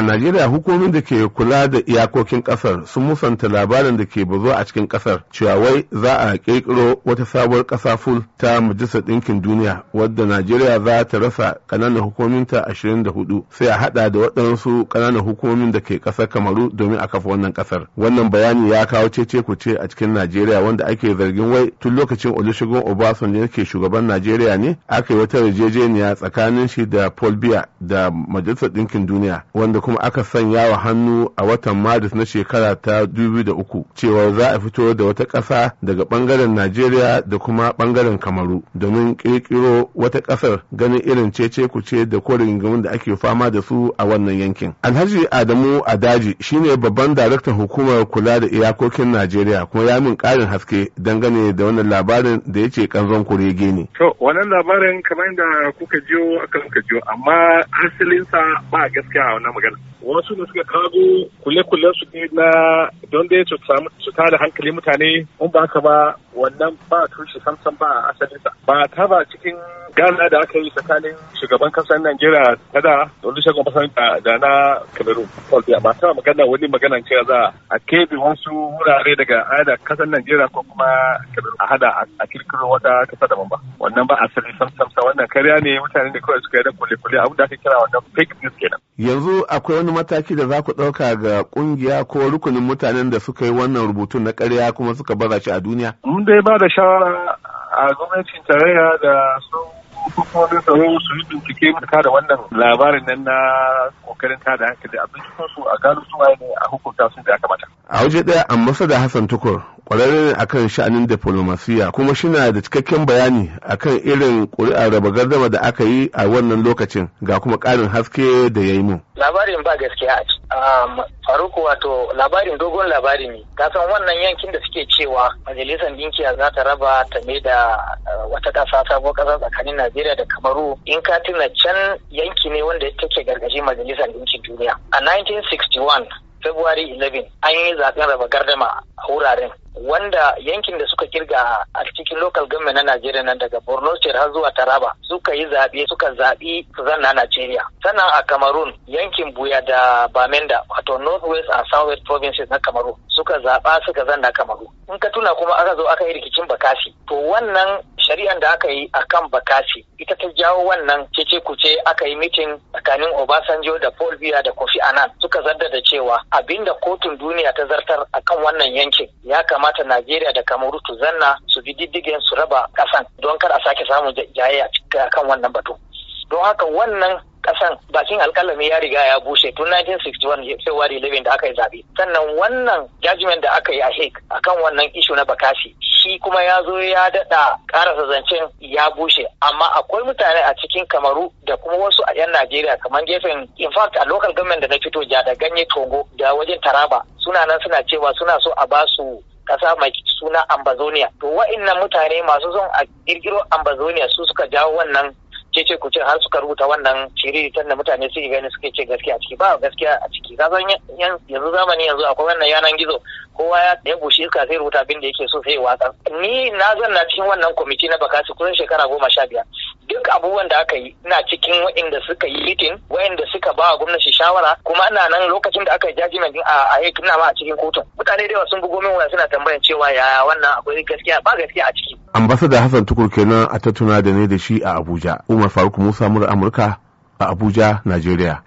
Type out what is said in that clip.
a najeriya hukumomin da ke kula da iyakokin kasar sun musanta labarin da ke bazo a cikin kasar cewa wai za a kirkiro wata sabuwar kasa ful ta majalisar ɗinkin duniya wadda najeriya za ta rasa ƙananan hukumomin ashirin da sai a hada da waɗansu ƙananan hukumomin da ke kasar kamaru domin a kafa wannan kasar wannan bayani ya kawo cece kuce a cikin najeriya wanda ake zargin wai tun lokacin olusegun obasanjo yake shugaban najeriya ne aka yi wata yarjejeniya tsakanin shi da paul biya da majalisar ɗinkin duniya wanda kuma aka sanya wa hannu a watan maris na shekara ta 2003 cewa za a fito da wata ƙasa daga ɓangaren najeriya da kuma ɓangaren kamaru domin ƙirƙiro wata ƙasar ganin irin cece kuce da korin da ake fama da su a wannan yankin alhaji adamu adaji shine babban daraktan hukumar kula da iyakokin najeriya kuma ya min ƙarin haske dangane da wannan labarin da ya ce kanzon kurege ne labarin kamar da kuka jiyo aka kuka jiyo amma hasalinsa ba gaskiya wannan magana wasu da suka kago kule-kulen su ne na don da su su tada hankali mutane in ba haka ba wannan ba tushe samsan ba a asalinsa ba ta ba cikin gana da aka yi tsakanin shugaban kasar Najeriya ta da shagon Obasanjo da na Cameroon Paul Biya ba ta magana wani magana cewa za a kebe wasu wurare daga ayyada kasar Najeriya ko kuma a hada a kirkiro wata kasa daban ba wannan ba asali samsan bisa wannan karya ne mutane da kawai suka yi da kule-kule abin da aka kira wannan fake news kenan. Yanzu akwai wani mataki da za ku ɗauka ga ƙungiya ko rukunin mutanen da suka yi wannan rubutun na karya kuma suka baza shi a duniya. Mun dai ba da shawara a gwamnatin tarayya da su hukumomin tsaro su yi bincike mata da wannan labarin nan na kokarin tada hankali a bincikinsu a gano su ne a hukunta sun da ya kamata. A waje ɗaya da Hassan Tukur kwararren ne akan sha'anin diplomasiya kuma shina da cikakken bayani akan irin ƙuri'ar raba gardama da aka yi a wannan lokacin ga kuma ƙarin haske da ya yi mu. Labarin ba gaskiya a faruku wato labarin dogon labari ne kasan wannan yankin da suke cewa majalisar dinki za ta raba ta me da eh, wata ƙasa sabuwar ƙasa tsakanin najeriya da kamaru in ka tuna can yanki ne wanda take gargashi majalisar dinkin duniya a 1961 February 11 an yi zaben raba gardama a wuraren wanda yankin da suka kirga a cikin local government na Najeriya nan daga Borno State har zuwa Taraba suka yi zaɓe suka zaɓi zanna Najeriya. Sannan a Cameroon yankin Buya da Bamenda wato North West and South West provinces na Cameroon suka zaɓa suka zanna Cameroon. In ka tuna kuma aka zo aka yi rikicin Bakasi to wannan shari'an da aka yi a kan bakashi ita ta jawo wannan cece kuce aka yi mitin tsakanin obasanjo da paul biya da kofi anan suka zarda da cewa abinda kotun duniya ta zartar a kan wannan yankin ya kamata najeriya da kamaru tu zanna su bi diddigen su raba kasan don kar a sake samun jayayya kan wannan batu don haka wannan kasan bakin alkalami ya riga ya bushe tun 1961 February 11 da aka yi zabe sannan wannan judgment da aka yi a Hague akan wannan isho na Bakashi, shi kuma ya zo ya daɗa karasa zancen ya bushe amma akwai mutane a cikin kamaru da kuma wasu a 'yan najeriya kamar gefen in fact a local government da na fito ja da ganye togo da wajen taraba suna nan suna cewa suna so a basu kasa mai suna ambazonia to wa'innan mutane masu son a kirkiro ambazonia su suka jawo wannan ce ce ku ce har suka rubuta wannan shiri da mutane suke gani suke ce gaskiya a ciki ba gaskiya a ciki ka san yanzu zamani yanzu akwai wannan yanan gizo kowa ya ya bushe iska sai rubuta abin da yake so sai watsa ni na zanna cikin wannan kwamiti na bakasi kusan shekara goma sha biyar duk abubuwan da aka yi na cikin waɗanda suka yi litin waɗanda suka ba gwamnati shawara kuma ana nan lokacin da aka yi judgment a a ina a cikin kotun mutane da yawa sun bugo min waya suna tambayan cewa ya wannan akwai gaskiya ba gaskiya a ciki ambasada Hassan Tukur kenan a tattuna da ne da shi a Abuja Umar Faruk Musa mura Amurka a Abuja Najeriya